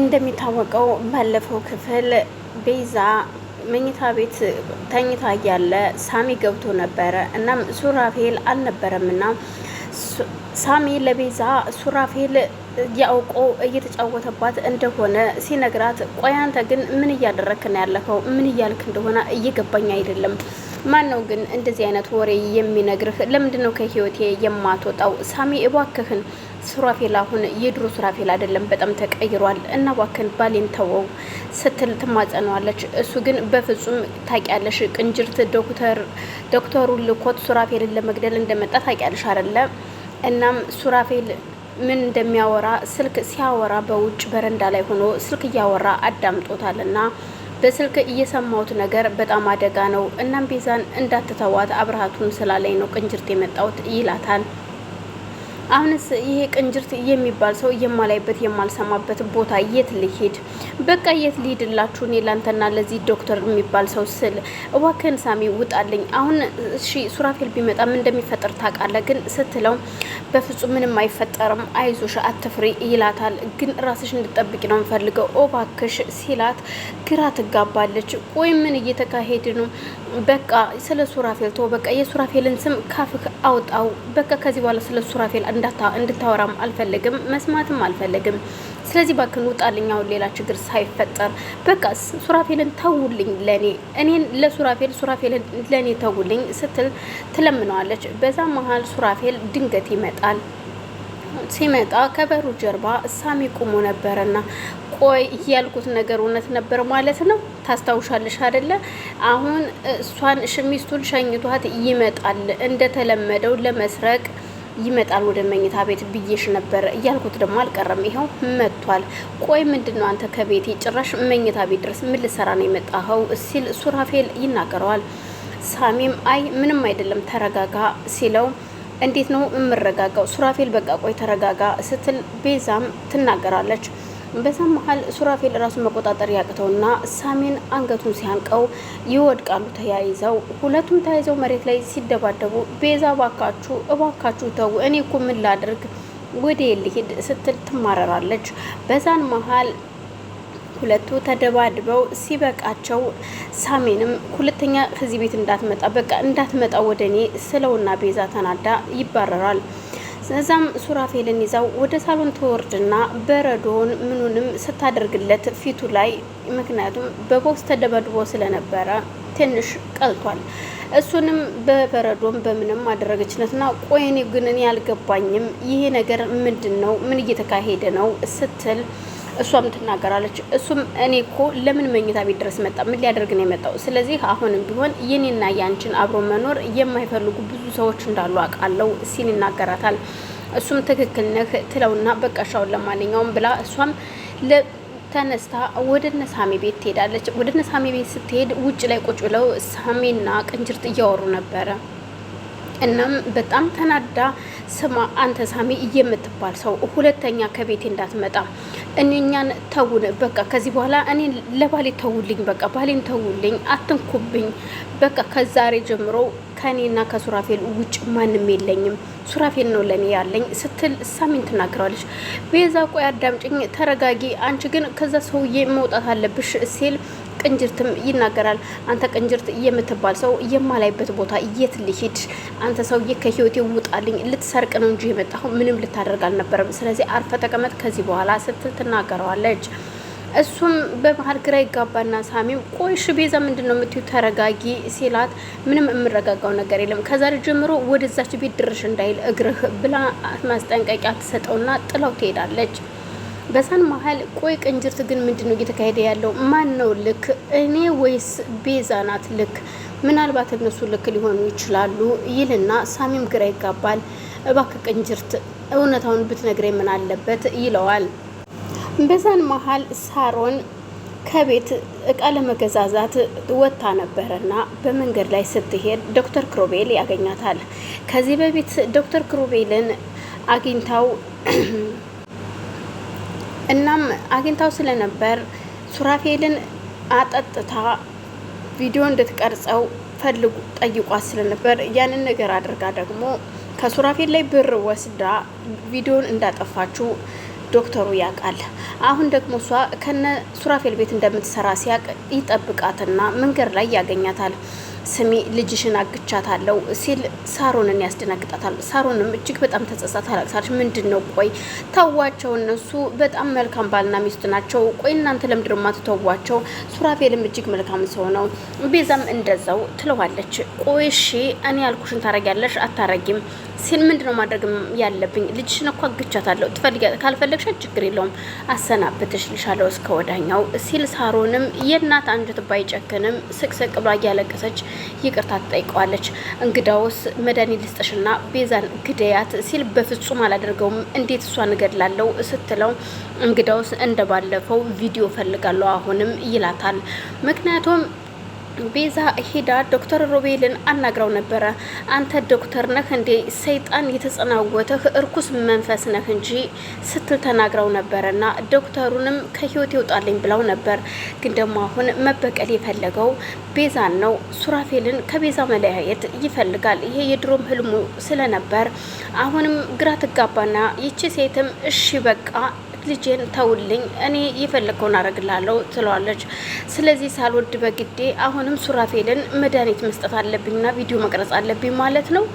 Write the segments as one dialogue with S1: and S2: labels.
S1: እንደሚታወቀው ባለፈው ክፍል ቤዛ መኝታ ቤት ተኝታ እያለ ሳሚ ገብቶ ነበረ። እናም ሱራፌል አልነበረምና ሳሚ ለቤዛ ሱራፌል ያውቆ እየተጫወተባት እንደሆነ ሲነግራት፣ ቆይ አንተ ግን ምን እያደረክ ነው ያለፈው? ምን እያልክ እንደሆነ እየገባኝ አይደለም ማን ነው ግን እንደዚህ አይነት ወሬ የሚነግርህ? ለምንድን ነው ከህይወቴ የማትወጣው? ሳሚ እባክህን፣ ሱራፌል አሁን የድሮ ሱራፌል አይደለም፣ በጣም ተቀይሯል እና እባክህን ባሌን ተወው ስትል ትማጸነዋለች። እሱ ግን በፍጹም ታውቂያለሽ፣ ቅንጅርት ዶክተር ዶክተሩ ልኮት ሱራፌልን ለመግደል እንደመጣ ታውቂያለሽ አይደለ? እናም ሱራፌል ምን እንደሚያወራ ስልክ ሲያወራ በውጭ በረንዳ ላይ ሆኖ ስልክ እያወራ አዳምጦታል እና በስልክ እየሰማሁት ነገር በጣም አደጋ ነው። እናም ቤዛን እንዳትተዋት አብርሃቱን ስላለኝ ነው ቅንጅርት የመጣሁት ይላታል። አሁንስ ይሄ ቅንጅርት የሚባል ሰው የማላይበት የማልሰማበት ቦታ የት ልሄድ? በቃ የት ልሂድላችሁ? እኔ ላንተና ለዚህ ዶክተር የሚባል ሰው ስል እባክህን ሳሚ ውጣልኝ። አሁን እሺ ሱራፌል ቢመጣም እንደሚፈጠር ታውቃለህ፣ ግን ስትለው በፍጹም ምንም አይፈጠርም፣ አይዞሽ፣ አትፍሪ ይላታል። ግን ራስሽ እንድጠብቂ ነው የምፈልገው እባክሽ ሲላት ግራ ትጋባለች። ቆይ ምን እየተካሄድ ነው በቃ ስለ ሱራፌል ተው፣ በቃ የሱራፌልን ስም ካፍክ አውጣው። በቃ ከዚህ በኋላ ስለ ሱራፌል እንድታወራም አልፈልግም፣ መስማትም አልፈልግም። ስለዚህ ባክን ውጣልኝ፣ አሁን ሌላ ችግር ሳይፈጠር በቃ ሱራፌልን ተውልኝ፣ ለኔ እኔን ለሱራፌል ሱራፌልን ለኔ ተውልኝ ስትል ትለምነዋለች። በዛ መሀል ሱራፌል ድንገት ይመጣል። ሲመጣ ከበሩ ጀርባ ሳሚ ቁሞ ነበረና ቆይ እያልኩት ነገር እውነት ነበር ማለት ነው። ታስታውሻለሽ አደለ? አሁን እሷን ሽሚስቱን ሸኝቷት ይመጣል እንደተለመደው ለመስረቅ ይመጣል ወደ መኝታ ቤት ብዬሽ ነበር። እያልኩት ደግሞ አልቀረም፣ ይኸው መጥቷል። ቆይ ምንድን ነው አንተ ከቤቴ ጭራሽ መኝታ ቤት ድረስ ምን ልሰራ ነው የመጣኸው? ሲል ሱራፌል ይናገረዋል። ሳሚም አይ ምንም አይደለም ተረጋጋ ሲለው እንዴት ነው የምረጋጋው? ሱራፌል በቃ ቆይ ተረጋጋ ስትል ቤዛም ትናገራለች። በዛም መሀል ሱራፌል ራሱን መቆጣጠር ያቅተውና ሳሚን አንገቱን ሲያንቀው ይወድቃሉ። ተያይዘው ሁለቱም ተያይዘው መሬት ላይ ሲደባደቡ ቤዛ እባካችሁ እባካችሁ ተው፣ እኔ እኮ ምን ላድርግ ወደ ልሂድ ስትል ትማረራለች። በዛን መሀል ሁለቱ ተደባድበው ሲበቃቸው ሳሜንም ሁለተኛ ከዚህ ቤት እንዳትመጣ በቃ እንዳትመጣ ወደ እኔ ስለውና ቤዛ ተናዳ ይባረራል። እዛም ሱራፌልን ይዛው ወደ ሳሎን ትወርድና በረዶውን ምኑንም ስታደርግለት ፊቱ ላይ ምክንያቱም በቦክስ ተደባድቦ ስለነበረ ትንሽ ቀልቷል። እሱንም በበረዶም በምንም አደረገችነትና ግን እኔ አልገባኝም ያልገባኝም ይሄ ነገር ምንድን ነው? ምን እየተካሄደ ነው? ስትል እሷም ትናገራለች። እሱም እኔ እኮ ለምን መኝታ ቤት ድረስ መጣ? ምን ሊያደርግ ነው የመጣው? ስለዚህ አሁንም ቢሆን የኔና ያንችን አብሮ መኖር የማይፈልጉ ብዙ ሰዎች እንዳሉ አውቃለሁ ሲል ይናገራታል። እሱም ትክክል ነህ ትለውና በቀሻውን ለማንኛውም ብላ እሷም ተነስታ ወደ ነሳሜ ቤት ትሄዳለች። ወደ ነሳሜ ቤት ስትሄድ ውጭ ላይ ቁጭ ብለው ሳሜና ቅንጅርት እያወሩ ነበረ። እናም በጣም ተናዳ ስማ፣ አንተ ሳሜ የምትባል ሰው ሁለተኛ ከቤቴ እንዳትመጣ እኛን ተውን በቃ ከዚህ በኋላ እኔ ለባሌ ተውልኝ፣ በቃ ባሌን ተውልኝ፣ አትንኩብኝ። በቃ ከዛሬ ጀምሮ ከእኔና ከሱራፌል ውጭ ማንም የለኝም፣ ሱራፌል ነው ለእኔ ያለኝ ስትል ሳሚን ትናገራለች። ቤዛ ቆይ አዳምጭኝ ተረጋጊ። አንቺ ግን ከዛ ሰውዬ መውጣት አለብሽ ሲል ቅንጅርትም ይናገራል። አንተ ቅንጅርት የምትባል ሰው የማላይበት ቦታ የት ልሂድ? አንተ ሰውዬ ከህይወቴ ውጣልኝ። ልትሰርቅ ነው እንጂ የመጣሁ ምንም ልታደርግ አልነበረም። ስለዚህ አርፈ ተቀመጥ ከዚህ በኋላ ስትል ትናገረዋለች። እሱም በመሀል ግራ ይጋባና ሳሚም ቆይሽ ቤዛ ምንድን ነው የምትዩ? ተረጋጊ ሲላት ምንም የምረጋጋው ነገር የለም ከዛሬ ጀምሮ ወደዛች ቤት ድርሽ እንዳይል እግርህ ብላ ማስጠንቀቂያ ትሰጠውና ጥለው ትሄዳለች። በዛን መሀል ቆይ ቅንጅርት ግን ምንድን ነው እየተካሄደ ያለው? ማን ነው ልክ? እኔ ወይስ ቤዛ ናት ልክ? ምናልባት እነሱ ልክ ሊሆኑ ይችላሉ ይልና ሳሚም ግራ ይጋባል። እባክህ ቅንጅርት እውነታውን ብትነግረኝ ምን አለበት ይለዋል። በዛን መሀል ሳሮን ከቤት እቃ ለመገዛዛት ወጥታ ነበረና በመንገድ ላይ ስትሄድ ዶክተር ክሮቤል ያገኛታል። ከዚህ በፊት ዶክተር ክሮቤልን አግኝታው እናም አግኝታው ስለነበር ሱራፌልን አጠጥታ ቪዲዮ እንድትቀርጸው ፈልጉ ጠይቋት ስለነበር ያንን ነገር አድርጋ ደግሞ ከሱራፌል ላይ ብር ወስዳ ቪዲዮን እንዳጠፋችው ዶክተሩ ያውቃል። አሁን ደግሞ እሷ ከነ ሱራፌል ቤት እንደምትሰራ ሲያቅ ይጠብቃትና መንገድ ላይ ያገኛታል። ስሚ ልጅሽን አግቻታለሁ ሲል ሳሮንን ያስደነግጣታል። ሳሮንም እጅግ በጣም ተጸጽታ ታለቅሳለች። ምንድን ነው ቆይ ተዋቸው፣ እነሱ በጣም መልካም ባልና ሚስት ናቸው። ቆይ እናንተ ለምንድን ማትተዋቸው? ሱራፌልም እጅግ መልካም ሰው ነው፣ ቤዛም እንደዛው ትለዋለች። ቆይ እሺ እኔ ያልኩሽን ታረጊያለሽ አታረጊም ሲል ምንድን ነው ማድረግ ያለብኝ? ልጅሽን እኮ አግቻታለሁ፣ ካልፈለግሻት ችግር የለውም አሰናብትሽ ልሻለሁ እስከ ወዳኛው ሲል ሳሮንም የእናት አንጀት ባይጨክንም ስቅስቅ ብላ እያለቀሰች ይቅርታ ትጠይቀዋለች። እንግዳውስ መድኃኒት ልስጥሽና ቤዛን ግደያት ሲል በፍጹም አላደርገውም፣ እንዴት እሷን እገድላለሁ ስትለው እንግዳውስ እንደባለፈው ቪዲዮ ፈልጋለሁ አሁንም ይላታል። ምክንያቱም ቤዛ ሄዳ ዶክተር ሮቤልን አናግረው ነበረ። አንተ ዶክተር ነህ እንዴ? ሰይጣን የተጸናወተህ እርኩስ መንፈስ ነህ እንጂ ስትል ተናግረው ነበረና ዶክተሩንም ከህይወት ይውጣልኝ ብለው ነበር። ግን ደግሞ አሁን መበቀል የፈለገው ቤዛን ነው። ሱራፌልን ከቤዛ መለያየት ይፈልጋል። ይሄ የድሮም ህልሙ ስለነበር አሁንም ግራ ትጋባና ይቺ ሴትም እሺ በቃ ልጄን ተውልኝ፣ እኔ የፈለግከውን አረግላለሁ ትለዋለች። ስለዚህ ሳልወድ በግዴ አሁንም ሱራፌልን መድኃኒት መስጠት አለብኝና ቪዲዮ መቅረጽ አለብኝ ማለት ነው።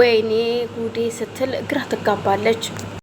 S1: ወይኔ ጉዴ ስትል ግራ ትጋባለች።